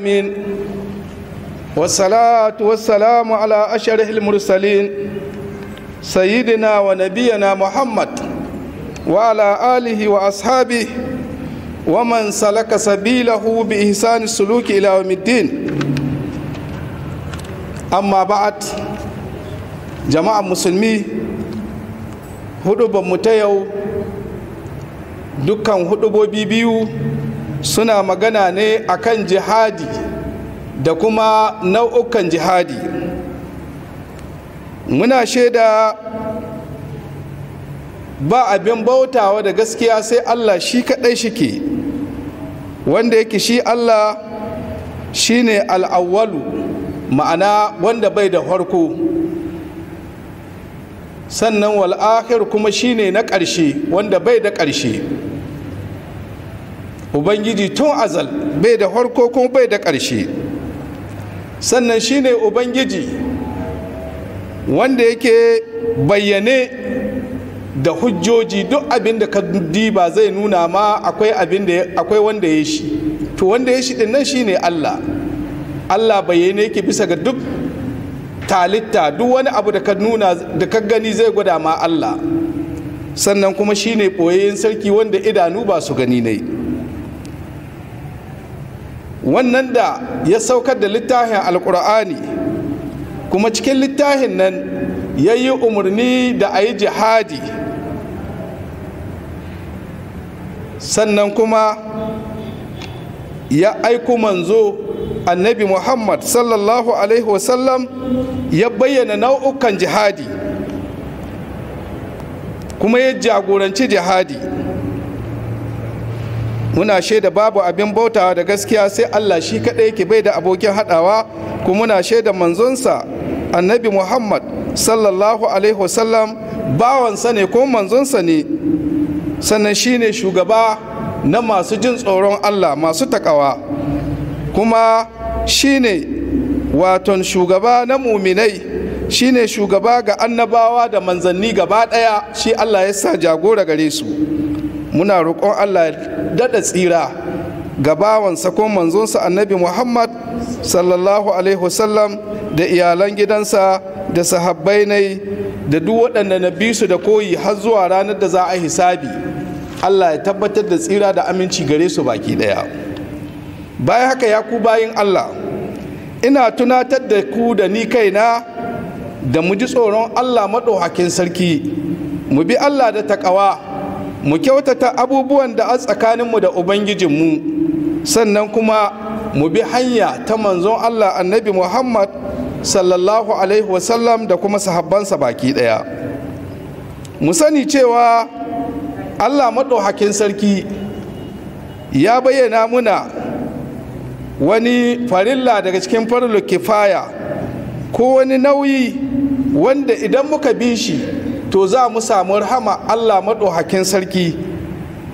آمين والصلاة والسلام على أشرف المرسلين سيدنا ونبينا محمد وعلى آله وأصحابه ومن سلك سبيله بإحسان السلوك إلى يوم الدين أما بعد جماعة مسلمي هدوب متيو دكان هدوب بيبيو suna magana ne a kan jihadi da kuma nau'ukan jihadi muna shaida ba abin bautawa da gaskiya sai allah shi kaɗai shike wanda yake shi allah shine al'awwalu ma'ana wanda bai da farko sannan wal'akhir kuma shine na ƙarshe wanda bai da ƙarshe ubangiji tun azal bai da harko kuma bai da ƙarshe sannan shine ubangiji wanda yake bayyane da hujjoji duk abin da ka diba zai nuna ma akwai wanda ya shi to wanda ya shi din nan shine Allah Allah bayyane yake bisa ga duk talitta duk wani abu da ka nuna da ka gani zai gwada ma Allah sannan kuma shine ɓoyayyen sarki wanda idanu ba su gani ne wannan da ya saukar da littafin alkur'ani kuma cikin littafin nan ya yi umarni da a yi jihadi sannan kuma ya aiku manzo annabi muhammad sallallahu alaihi wasallam ya bayyana nau'ukan jihadi kuma ya jagoranci jihadi muna shaida babu abin bautawa da gaskiya sai Allah shi kaɗai ke bai da abokin haɗawa kuma muna shaida manzonsa annabi Muhammad sallallahu alaihi wasallam bawansa ne ko manzonsa ne sannan shi ne shugaba na masu jin tsoron Allah masu takawa kuma shi ne waton shugaba na muminai shi ne shugaba ga annabawa da manzanni gaba ɗaya shi Allah ya sa jagora gare su. muna roƙon Allah daɗa tsira ga bawan sakon manzonsa annabi Muhammad sallallahu alaihi wasallam da iyalan gidansa da sahabbai nai da duk waɗanda na bi su da koyi har zuwa ranar da za a hisabi Allah ya tabbatar da tsira da aminci gare su baki ɗaya bayan haka ya ku bayin Allah ina tunatar da ku da ni kaina da mu ji tsoron Allah maɗauhakin sarki mu bi Allah da taƙawa mu kyautata abubuwan da a tsakaninmu da ubangijinmu sannan kuma mu bi hanya ta manzon allah annabi muhammad sallallahu alaihi wasallam da kuma sahabbansa baki ɗaya mu sani cewa allah maɗauhakin sarki ya bayyana muna wani farilla daga cikin farlo kifaya ko wani nauyi wanda idan muka bi shi to za mu samu rahama allah maɗohakin sarki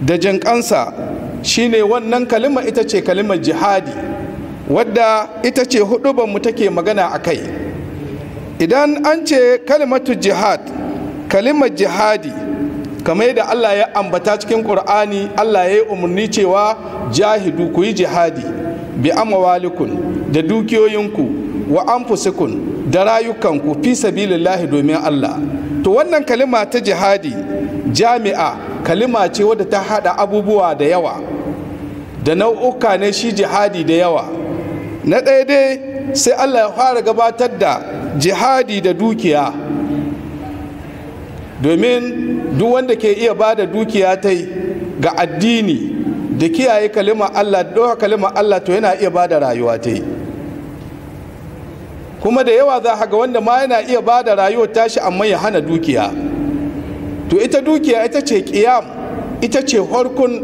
da jinƙansa shine wannan kalima ita ce kalimar jihadi wadda ita ce mu take magana a kai idan an ce kalimatu jihad kalimar jihadi kamar da allah ya ambata cikin ƙur'ani allah ya yi umarni cewa jahidu ku yi jihadi bi amawalikun da dukiyoyinku wa amfusikun da rayukanku fi sabilillahi domin allah to wannan kalima ta jihadi jami'a kalima ce wadda ta hada abubuwa da yawa da nau'uka ne shi jihadi da yawa na ɗaya dai sai allah ya fara gabatar da jihadi da dukiya domin duk wanda ke iya ba da dukiya ta ga addini da kiyaye kalima allah da kalima allah to yana iya ba da rayuwa ta yi kuma da yawa za ga wanda ma yana iya ba da rayuwar tashi amma ya hana dukiya to ita dukiya ita ce kiyam ita ce harkun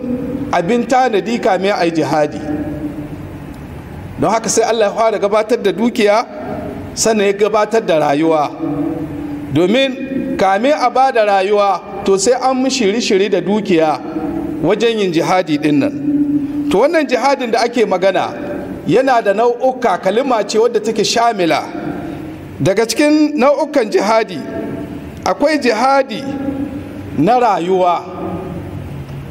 abin tanadi kame a yi jihadi don haka sai allah ya fara gabatar da dukiya sannan ya gabatar da rayuwa domin kame a ba da rayuwa to sai an shiri-shiri da dukiya wajen yin jihadi dinnan to wannan jihadin da ake magana yana da nau'uka kalima ce wadda take shamila daga cikin nau'ukan jihadi akwai jihadi na rayuwa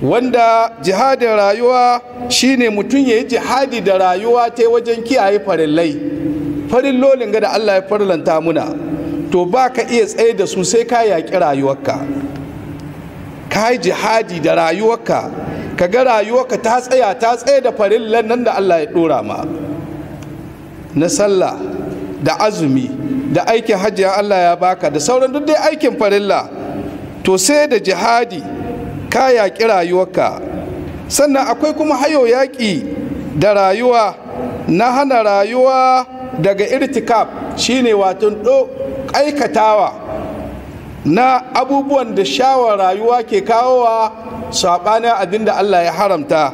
wanda jihadin rayuwa shine mutum ya yi jihadi da rayuwa ta wajen kiyaye farillai farillolin ga da Allah ya farlanta muna to ba ka iya tsaye da su sai ka yaƙi rayuwarka ka yi jihadi da rayuwarka ka ga rayuwarka ta tsaya ta tsaye da farillan nan da Allah ya dora ma na sallah da azumi da aikin hajji Allah ya baka da sauran duk dai aikin farilla to sai da jihadi ka yaƙi rayuwarka sannan akwai kuma hayo yaƙi da rayuwa na hana rayuwa daga irtikab shine wato do aikatawa na abubuwan da shawar rayuwa ke kawowa saɓanin abin da Allah ya haramta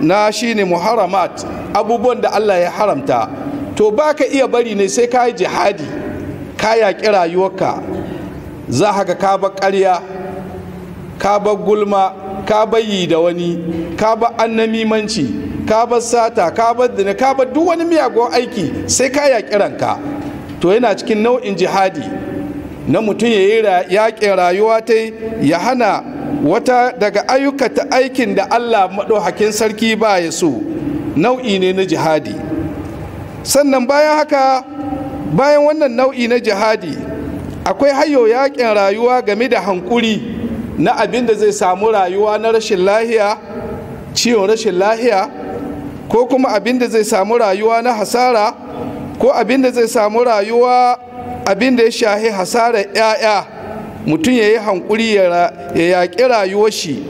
na shi ne muharamat abubuwan da Allah ya haramta to ba ka iya bari ne sai ka yi jihadi ka yaƙi rayuwarka za haka ka bar ƙarya ka bar gulma ka bayi da wani ka bar annamimanci ka bar sata ka bar dina ka bar duk wani miyagun aiki sai ka yaƙi ranka to yana cikin nau'in jihadi na mutum ya yi yaƙin rayuwa ta ya hana wata daga ayyukata aikin da allah maɗauhakin sarki ba ya so nau'i ne na jihadi sannan bayan haka bayan wannan nau'i na jihadi akwai hayo yaƙin rayuwa game da hankuri na abin da zai samu rayuwa na rashin lahiya ciwon rashin lahiya ko kuma abin da zai samu rayuwa na hasara ko abin da zai samu rayuwa abin da ya shahi hasarar 'ya'ya mutum ya yi hankuri ya yaƙi rayuwar shi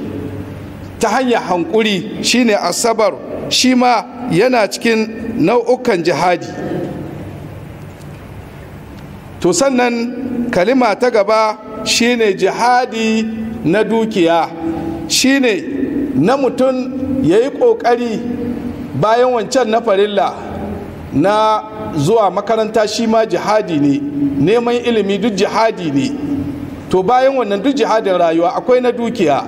ta hanyar hankuri shine asabar shi ma yana cikin nau'ukan jihadi to sannan kalima ta gaba shine jihadi na dukiya shine na mutum ya yi ƙoƙari bayan wancan na farilla na zuwa makaranta shi ma jihadi ne neman ilimi duk jihadi ne to bayan wannan duk jihadin rayuwa akwai na dukiya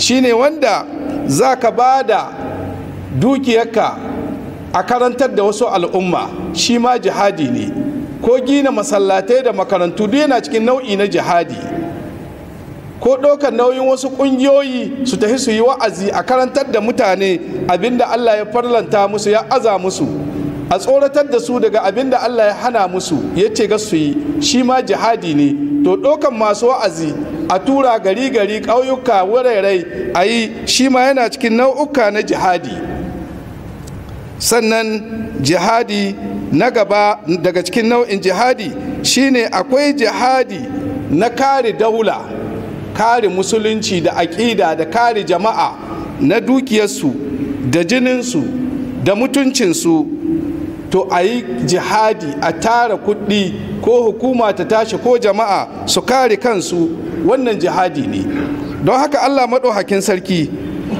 shine wanda za ka ba da dukiyarka a karantar da wasu al'umma shi ma jihadi ne ko gina masallatai da makarantu duk yana cikin nau'i na jihadi ko ɗaukar nauyin wasu ƙungiyoyi su tafi su yi wa'azi a karantar da mutane abinda Allah ya farlanta musu ya aza musu a tsoratar da su daga abin da Allah ya hana musu ya ce ga su yi shi ma jihadi ne to ɗaukan masu wa'azi a tura gari gari ƙauyuka wurairai a yi shi ma yana cikin nau'uka na jihadi sannan jihadi na gaba daga cikin nau'in jihadi shine akwai jihadi na kare daula kare musulunci da aƙida da kare jama'a na dukiyarsu da jininsu da mutuncinsu to a yi jihadi a tara kuɗi ko hukuma ta tashi ko jama'a su kare kansu wannan jihadi ne don haka allah maɗauhakin sarki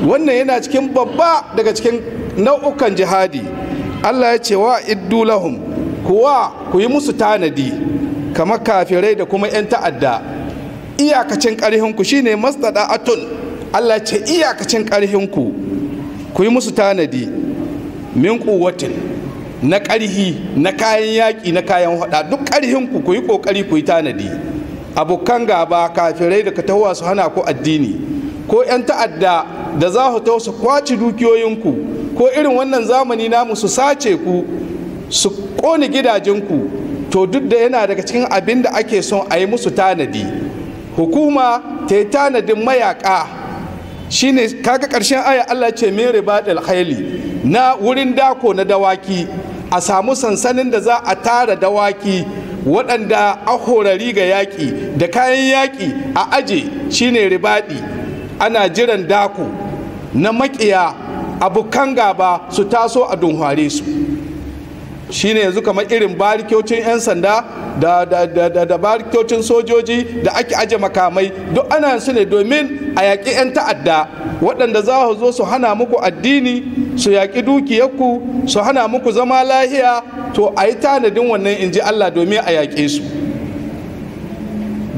wannan yana cikin babba daga cikin nau'ukan jihadi allah ya ce wa iddu kuwa ku yi musu tanadi kamar kafirai da kuma 'yan ta'adda iyakacin ƙarhinku shine mastada atun allah ce iyakacin ƙarhinku ku yi musu tanadi min kuwatin na ƙarhi na kayan yaƙi na kayan hada duk ƙarhin ku ku yi ƙoƙari ku yi tanadi abokan gaba kafirai da ka su hana ku addini ko 'yan ta'adda da za ku taho su kwaci dukiyoyinku ko irin wannan zamani namu su sace ku su ƙone gidajenku to duk da yana daga cikin abin da ake son a yi musu tanadi hukuma ta yi tanadin mayaƙa shine kaga karshen aya Allah ce mere badal khayli na wurin dako na dawaki a samu sansanin da za a tara dawaki waɗanda a horari ga yaƙi da kayan yaƙi a aje shine ribaɗi ana jiran dako na maƙiya abokan gaba su taso a dunhware su shine yanzu kamar irin barikocin 'yan sanda da barikocin sojoji da ake aje makamai duk ana su ne domin a yaƙi 'yan ta'adda waɗanda za su zo su hana muku addini su yaƙi dukiyarku su hana muku zama lahiya to a yi tanadin wannan in ji allah domin a yaƙe su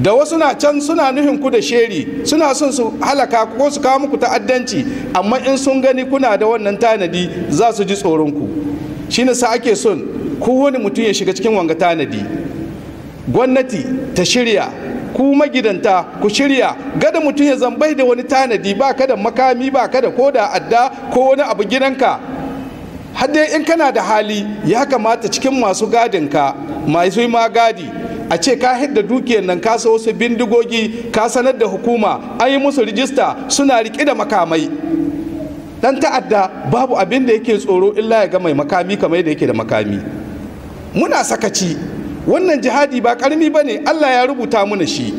da wasu na can suna nuhin ku da sheri suna son su halaka ko su kawo muku ta'addanci amma in sun gani kuna da wannan tanadi za su ji tsoronku ne sa ake son kowane mutum ya shiga cikin wanga tanadi gwamnati ta shirya ku magidanta ku shirya gada mutum ya zambai da wani tanadi ba ka makami ba ka da koda adda ko wani abu gidanka har dai in kana da hali ya kamata cikin masu gadinka masu ma gadi a ce ka hidda dukiyar nan ka sa wasu bindigogi ka sanar da hukuma an yi musu rijista suna riƙe da makamai dan ta'adda babu abin da yake tsoro illa ya ga mai makami kamar da yake da makami muna sakaci wannan jihadi ba karmi ba ne allah ya rubuta mana shi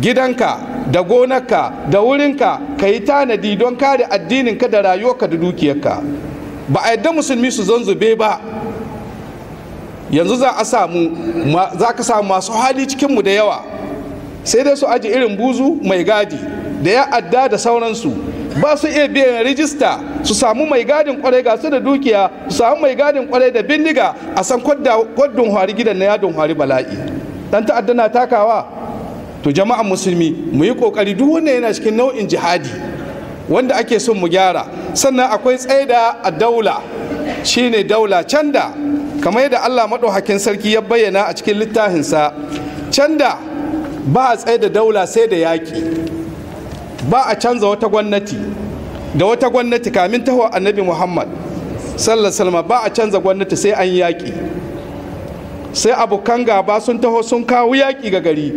gidanka da gonarka da wurinka ka yi tanadi don kare addininka da rayuwarka da dukiyarka ba a yadda musulmi su zanzube ba yanzu za a samu za ka samu masu hali cikinmu da yawa sai dai su aji irin buzu mai gadi da ya adda da sauransu ba su iya biyan rijista su samu mai gadin kwarai ga su da dukiya su samu mai gadin kwarai da bindiga a san kwaddon hari gidan na yadon hari bala'i dan ta'adda na takawa to jama'an musulmi mu yi kokari duk wanda yana cikin nau'in jihadi wanda ake son mu gyara sannan akwai tsaida a daula shine daula canda kamar yadda Allah maɗaukakin sarki ya bayyana a cikin littafinsa canda ba a da daula sai da yaƙi ba a canza wata gwamnati da wata gwamnati kamin taho annabi muhammad sallallahu ba a canza gwamnati sai an yaƙi sai abokan gaba sun taho sun kawo yaƙi ga gari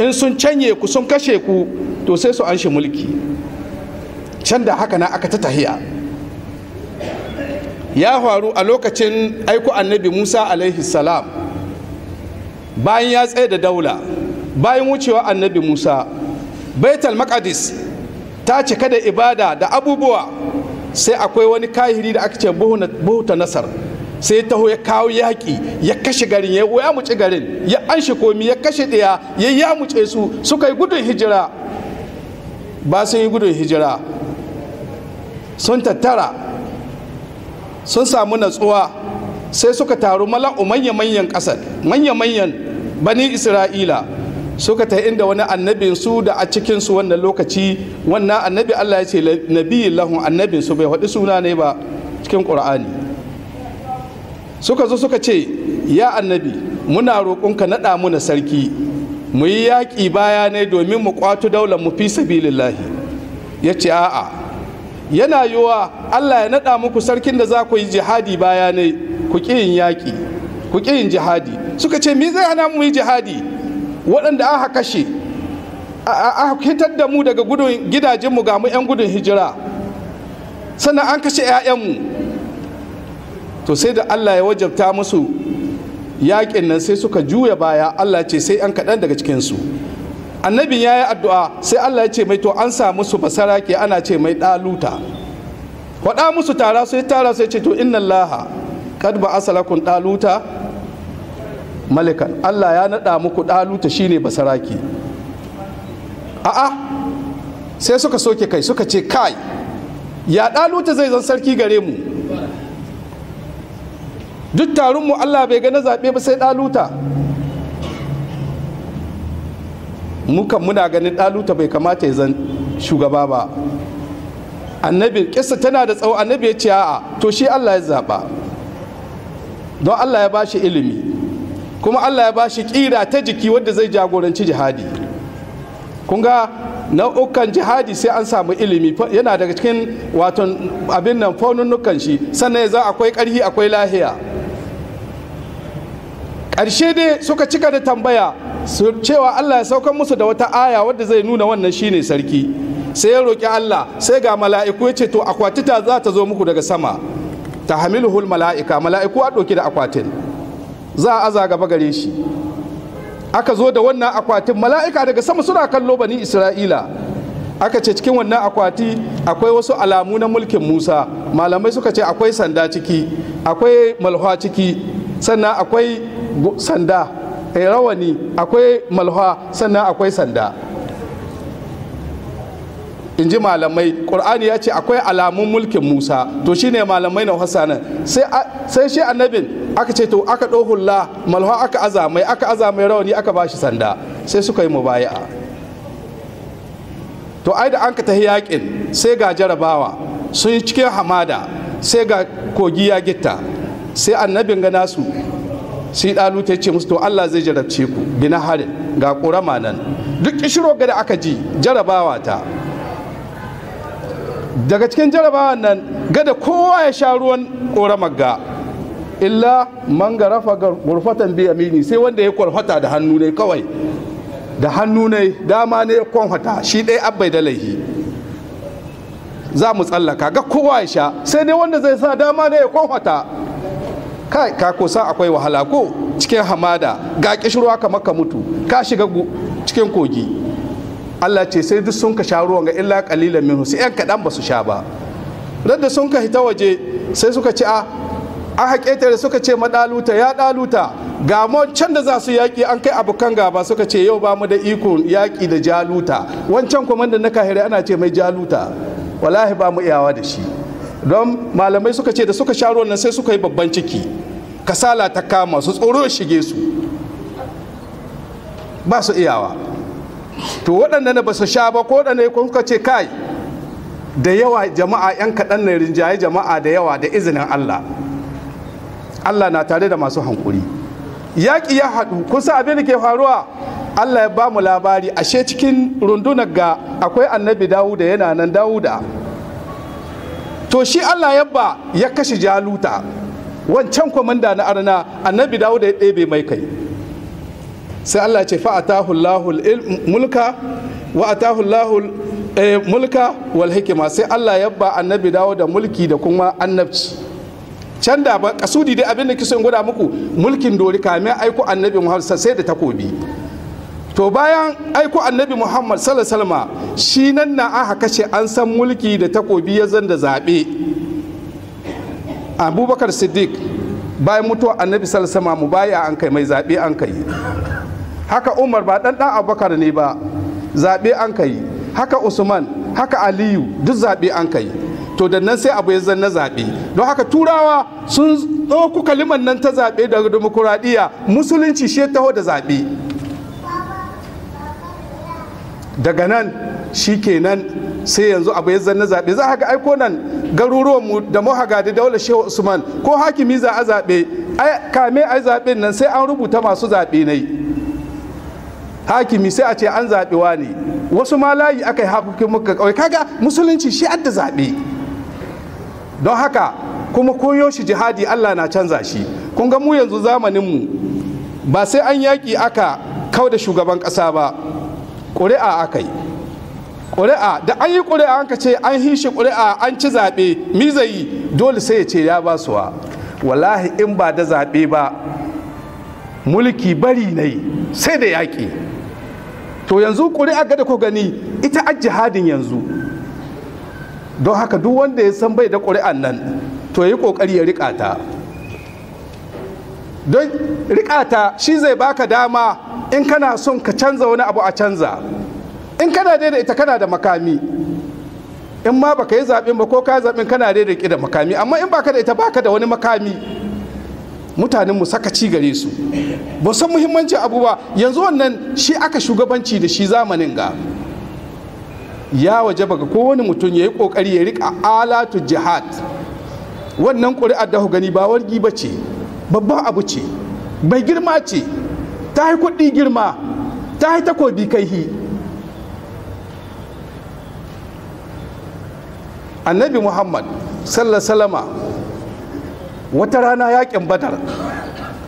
in sun canye ku sun kashe ku to sai su an shi mulki can da haka na aka ta tahiya ya faru a lokacin aiko annabi musa alaihi salam bayan ya tsaye da daula bayan wucewa annabi musa baitul maqdis ta cika da ibada da abubuwa sai akwai wani kahiri da aka ce buhuta nasar sai taho ya kawo yaƙi ya kashe garin ya yamuce garin ya anshi komi ya kashe ɗaya ya yamuce su suka yi gudun hijira ba sun yi gudun hijira sun tattara sun samu natsuwa sai suka taru mala'u manya-manyan ƙasar manya-manyan bani isra'ila suka ta inda wani annabin su da a cikin su wannan lokaci wannan annabi Allah ya ce nabiyin lahun annabin su bai faɗi suna ne ba cikin qur'ani suka zo suka ce ya annabi muna roƙonka naɗa muna sarki mu yi yaƙi baya ne domin mu ƙwato daular mu fi sabilillahi ya ce a'a yana yiwa Allah ya naɗa muku sarkin da za ku yi jihadi baya ne ku ƙi yin yaƙi ku ƙi yin jihadi suka ce me zai hana mu yi jihadi waɗanda aka kashe aka hitar da mu daga gudun gidajenmu ga mu 'yan gudun hijira sannan an kashe 'ya'yanmu to sai da allah ya wajabta musu yaƙin nan sai suka juya baya allah ce sai an kaɗan daga cikinsu annabin ya yi addu'a sai allah ya ce mai to an samu su basara ke ana ce mai ɗaluta waɗa musu tara sai tara sai ce to inna laha kad asalakun ɗaluta malikan Allah ya naɗa muku ɗaluta shine basaraki a'a sai suka soke kai suka ce kai ya ɗaluta zai zan sarki gare mu duk taron mu Allah bai gani zaɓe ba sai ɗaluta mukan muna ganin ɗaluta bai kamata ya zan shugaba ba annabi kisa tana da tsawo annabi ya ce a'a to shi Allah ya zaɓa don Allah ya bashi ilimi kuma Allah ya bashi kira ta jiki wadda zai jagoranci jihadi kun ga nau'ukan jihadi sai an samu ilimi yana daga cikin wato abin nan faununukan shi sannan za akwai ƙarhi akwai lahiya ƙarshe dai suka cika da tambaya su cewa Allah ya saukan musu da wata aya wadda zai nuna wannan shine sarki sai ya roƙi Allah sai ga mala'iku ya ce to akwatita za ta zo muku daga sama ta hamiluhul mala'ika mala'iku a ɗauki da akwatin za a aza gaba gare shi aka zo da wannan akwatin mala'ika daga sama suna kallo bani isra'ila aka ce cikin wannan akwati akwai wasu alamu na mulkin musa malamai suka ce akwai sanda ciki akwai malhwa ciki sannan akwai sanda eh, rawani akwai malhwa sannan akwai sanda in ji malamai ƙur'ani ya ce akwai alamun mulkin musa to shine malamai na hasa sai shi annabin aka ce to aka ɗohulla malha aka azamai aka azamai rawani aka bashi sanda sai suka yi mubaya to ai da an ka tahi yaƙin sai ga jarabawa sun yi cikin hamada sai ga kogi ya gitta sai annabin ga nasu sai ɗalu ta ce musu to Allah zai jarabce ku bina harin ga ƙorama nan duk ƙishiro ga da aka ji jarabawa ta daga cikin jarabawan nan gada kowa ya sha ruwan ƙoramar ga illa man ga gurfatan biya mini sai wanda ya kwarfata da hannu ne kawai da hannu ne dama ne ya kwanfata shi ɗaya abai da laihi za mu tsallaka ga kowa ya sha sai dai wanda zai sa dama ne ya kwanfata kai ka kusa akwai wahala ko cikin hamada ga kishirwa kamar ka mutu ka shiga cikin kogi Allah ce sai duk sun ka sha ruwan ga illa kalilan minhu sai yan kadan ba su sha ba radda sun ka hita waje sai suka ce a an da suka ce madaluta ya daluta ga can da za su yaƙi an kai abokan gaba suka ce yau ba mu da ikon yaƙi da jaluta wancan da na kahiri ana ce mai jaluta wallahi ba mu iyawa da shi don malamai suka ce da suka sha ruwan nan sai suka yi babban ciki kasala ta kama su tsoro shige su ba su iyawa to waɗanda ba basu sha ba ko waɗanda kuka ce kai da yawa jama'a 'yan kaɗan na rinjaye jama'a da yawa da izinin Allah Allah na tare da masu hankuri yaƙi ya haɗu kun kusa abin da ke faruwa Allah ya ba mu labari ashe cikin rundunar ga akwai annabi Dawuda yana nan Dawuda to shi Allah ya ba ya kashe Jaluta wancan kwamanda na arna annabi Dawuda ya ɗebe mai kai sai Allah ce fa atahu Allahul mulka wa atahu Allahul eh, mulka wal hikima sai Allah ya ba annabi dawo da mulki da kuma annabci can da ba kasudi dai abin da kiso in gwada muku mulkin dori kamin aiko annabi Muhammad sai da takobi to bayan aiko annabi Muhammad sallallahu shi nan na aka kashe an san mulki da takobi ya zanda zabe Abubakar Siddiq bayan mutuwa annabi sallallahu alaihi wasallam mu baya an kai mai zabe an kai haka umar ba dan dan abubakar ne ba zaɓe an kai haka usman haka aliyu duk zaɓe an kai to da nan sai abu ya zan na zaɓe don haka turawa sun ɗauku kaliman nan ta zaɓe da demokuraɗiyya musulunci shi taho da zaɓe daga nan shi kenan sai yanzu abu ya zan na zaɓe za a ga aiko nan garuruwanmu da mahaga da daular shehu usman ko hakimi za a zaɓe kame a zaɓen nan sai an rubuta masu zaɓe nai hakimi sai a ce an zaɓi ne wasu ma layi aka yi hakukin muka kawai kaga musulunci shi adda zaɓe don haka kuma koyo shi jihadi allah na canza shi kun ga mu yanzu zamaninmu ba sai an yaƙi aka kau da shugaban ƙasa ba ƙuri'a aka yi ƙuri'a da an yi ƙuri'a an ce an hishi ƙuri'a an ci zaɓe mi dole sai ya ce ya ba suwa wallahi in ba da zaɓe ba mulki bari na yi sai da yaƙi to yanzu ƙuri'a ga da ku gani ita a jihadin yanzu don haka duk wanda ya san bai da ƙuri'an nan to yi ƙoƙari ya riƙa ta don riƙa ta shi zai baka dama in kana son ka canza wani abu a canza in kana da ita kana da makami in ma baka yi zaɓin ba ko ka zaɓin kana da da makami amma in baka da ita baka da wani makami mutanen mu saka ci gare su ba san muhimmancin abu ba yanzu wannan shi aka shugabanci da shi zamanin ga ya waje baga kowane mutum ya yi kokari ya rika alatu jihad wannan ƙuri'ar da gani ba wargi ba ce babban abu ce mai girma ce ta yi kuɗi girma ta yi takobi hi annabi muhammad sallallahu wata rana yakin badar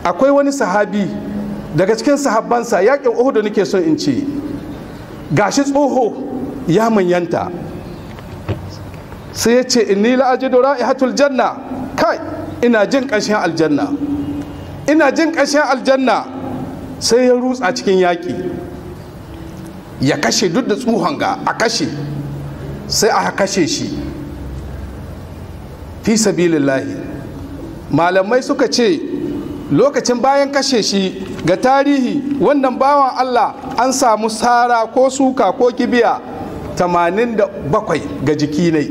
akwai wani sahabi daga cikin sahabbansa yakin uhudu nake so in ce gashi tsoho ya manyanta sai ya ce inni la'ajidu ra'ihatul janna kai ina jin ƙanshin aljanna ina jin ƙashin aljanna sai ya rutsa cikin yaƙi ya kashe duk da tsohon ga a kashe sai aka kashe shi fi sabilillahi malamai suka ce lokacin bayan kashe shi ga tarihi wannan bawan allah an samu sara ko suka ko kibiya bakwai ga jiki ne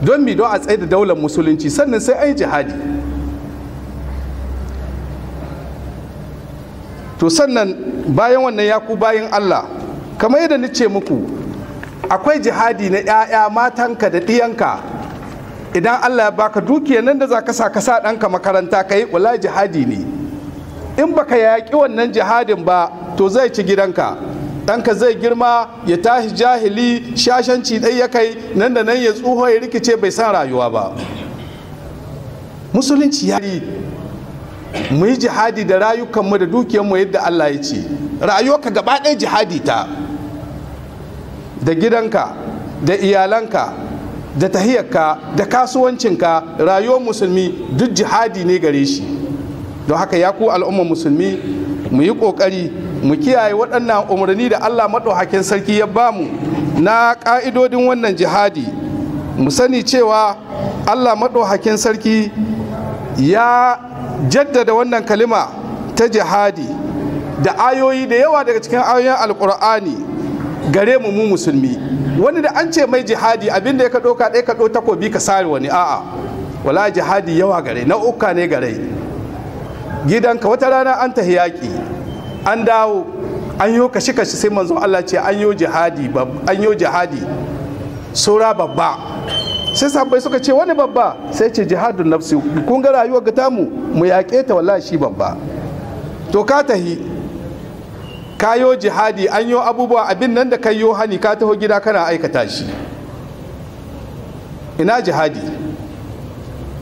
don mi don a tsaye da daular musulunci sannan sai an yi jihadi to sannan bayan wannan yaku bayan allah kamar yadda ni ce muku akwai jihadi na 'ya'ya matanka da ɗiyanka idan Allah ya baka dukiya nan da za ka sa ka sa ɗanka makaranta ka yi, wala jihadi ne in baka yaƙi wannan jihadin ba to zai ci gidanka ɗanka zai girma ya tashi jahili shashanci ɗai ya kai nan da nan ya tsoho ya rikice bai san rayuwa ba musulunci ya mu yi jihadi da rayukanmu da dukiyanmu yadda Allah ya ce rayuwarka gaba ɗaya jihadi ta da gidanka da iyalanka da tahiyarka da kasuwancinka rayuwar musulmi duk jihadi ne gare shi don haka ya ku al'ummar musulmi mu yi ƙoƙari mu kiyaye waɗannan umarni da allah maɗaukakin sarki ya bamu na ƙa'idodin wannan jihadi mu sani cewa allah maɗaukakin sarki ya jaddada wannan kalima ta jihadi da ayoyi da yawa daga cikin ayoyin alƙur'ani gare mu mu musulmi wani da an ce mai jihadi abinda ya ka ɗauka ɗaya ka takobi ka sare wani a'a wala jihadi yawa gare Na uka ne gare gidanka wata rana an tahi yaƙi an dawo an yi kashi kashi sai manzon Allah ce an yi jihadi an jihadi sura babba sai sabbai suka ce wani babba sai ce jihadun nafsi kun ga rayuwar ga tamu mu yaƙe ta wallahi shi babba to ka tahi kayo jihadi an yi abubuwa abin nan da kai yi hani ka taho gida kana aikata shi ina jihadi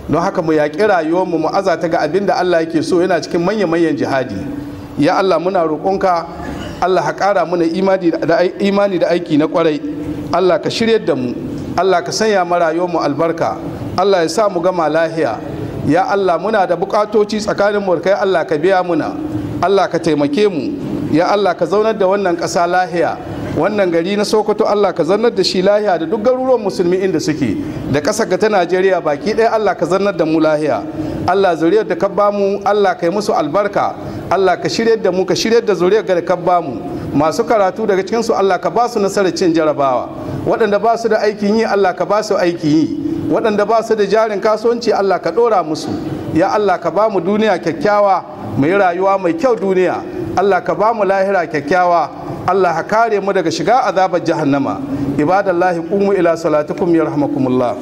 don haka mu yaƙi rayuwarmu mu azata ga abin da Allah yake so yana cikin manya-manyan jihadi ya Allah muna roƙonka Allah ka ƙara mana imani da aiki na ƙwarai Allah ka shiryar da mu Allah ka sanya mu albarka Allah ya sa mu gama lahiya ya Allah muna da buƙatoci tsakanin mu kai Allah ka biya muna Allah ka taimake mu ya Allah ka zaunar da wannan ƙasa lahiya wannan gari na sokoto allah ka zaunar da shi lahiya da duk garuruwan musulmi inda suke da ƙasar ga ta najeriya baki ɗaya allah ka zaunar da mu lahiya allah zuriyar da ka bamu allah ka yi musu albarka allah ka shiryar da mu ka shiryar da zuriyar da ka bamu masu karatu daga cikinsu allah ka ba su nasarar cin jarabawa waɗanda ba su da aikin yi allah ka ba su aikin yi waɗanda ba su da jarin kasuwanci allah ka ɗora musu ya allah ka ba mu duniya kyakkyawa mu yi rayuwa mai kyau duniya Allah ka ba mu lahira kyakkyawa Allah ka kare mu daga shiga azabar jahannama ibadallahi qumu ila salatikum yarhamakumullah